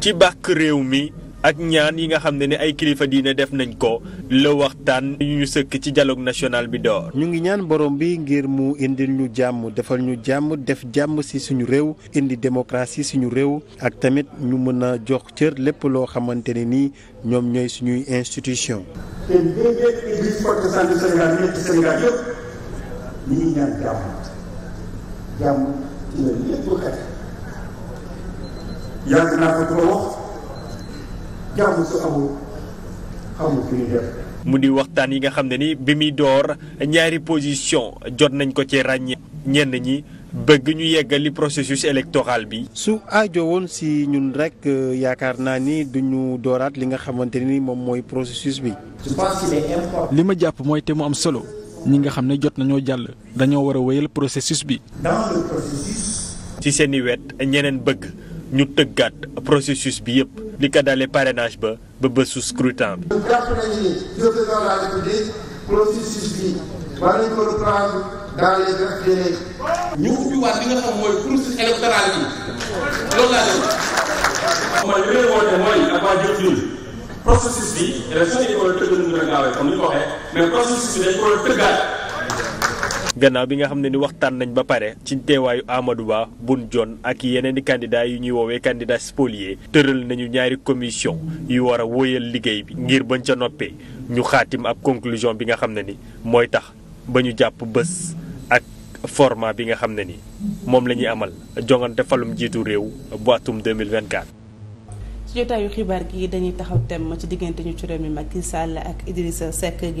ci bàkk réew mi ak ñaan yi nga xam ne ni ay kilifa diine def nañ ko la waxtaan yu ñu sëkk ci dialogue national bi door. ñu ngi ñaan borom bi ngir mu indi ñu jàmm defal ñu jàmm def jàmm ci suñu réew indi démocratie suñu réew ak tamit ñu mën a jox cër lépp loo xamante ne nii ñoom ñooy suñuy institution. mu di waxtaan yi nga xam ne ni bi muy door ñaari position jot nañ ko ci ràññee ñenn ñi bëgg ñu yeggali processus électoral bi. su aajo woon si ñun rek euh, yaakaar naa ni duñu dooraat li nga xamante ni moom mooy processus bi. li ma jàpp mooy te mu am solo ñi nga xam ne jot nañoo jàll dañoo war a wéyal processus bi. ci seen i wet ñeneen bëgg. ñu tëggaat processus bi yëpp li ko dalee parrainage ba ba bésu scrutin bi. ñu ubbiwaat li nga xam mooy processus électoral bi mooy li may woote mooy ak waa Jokalante processus bi élection yi dañu ko war a tëgg nu mu gën a gaawee comme ni ko waxee mais processus gannaaw bi nga xam ne ni waxtaan nañ ba pare ci teewaayu Amadou Ba Boun Dionne ak yeneen i candidats yu ñuy woowee candidat spoliés tëral nañu ñaari commission yu war a liggéey bi ngir bañ ca noppee ñu xaatim ak conclusion bi nga xam ne ni mooy tax ba ñu jàpp bés ak format bi nga xam ne ni moom lañuy amal jongante falum jiitu réew bu atum 2024 ci jotaayu xibaar gi dañuy taxaw tem ci diggante ñu ci réew ak Idrissa Seck gi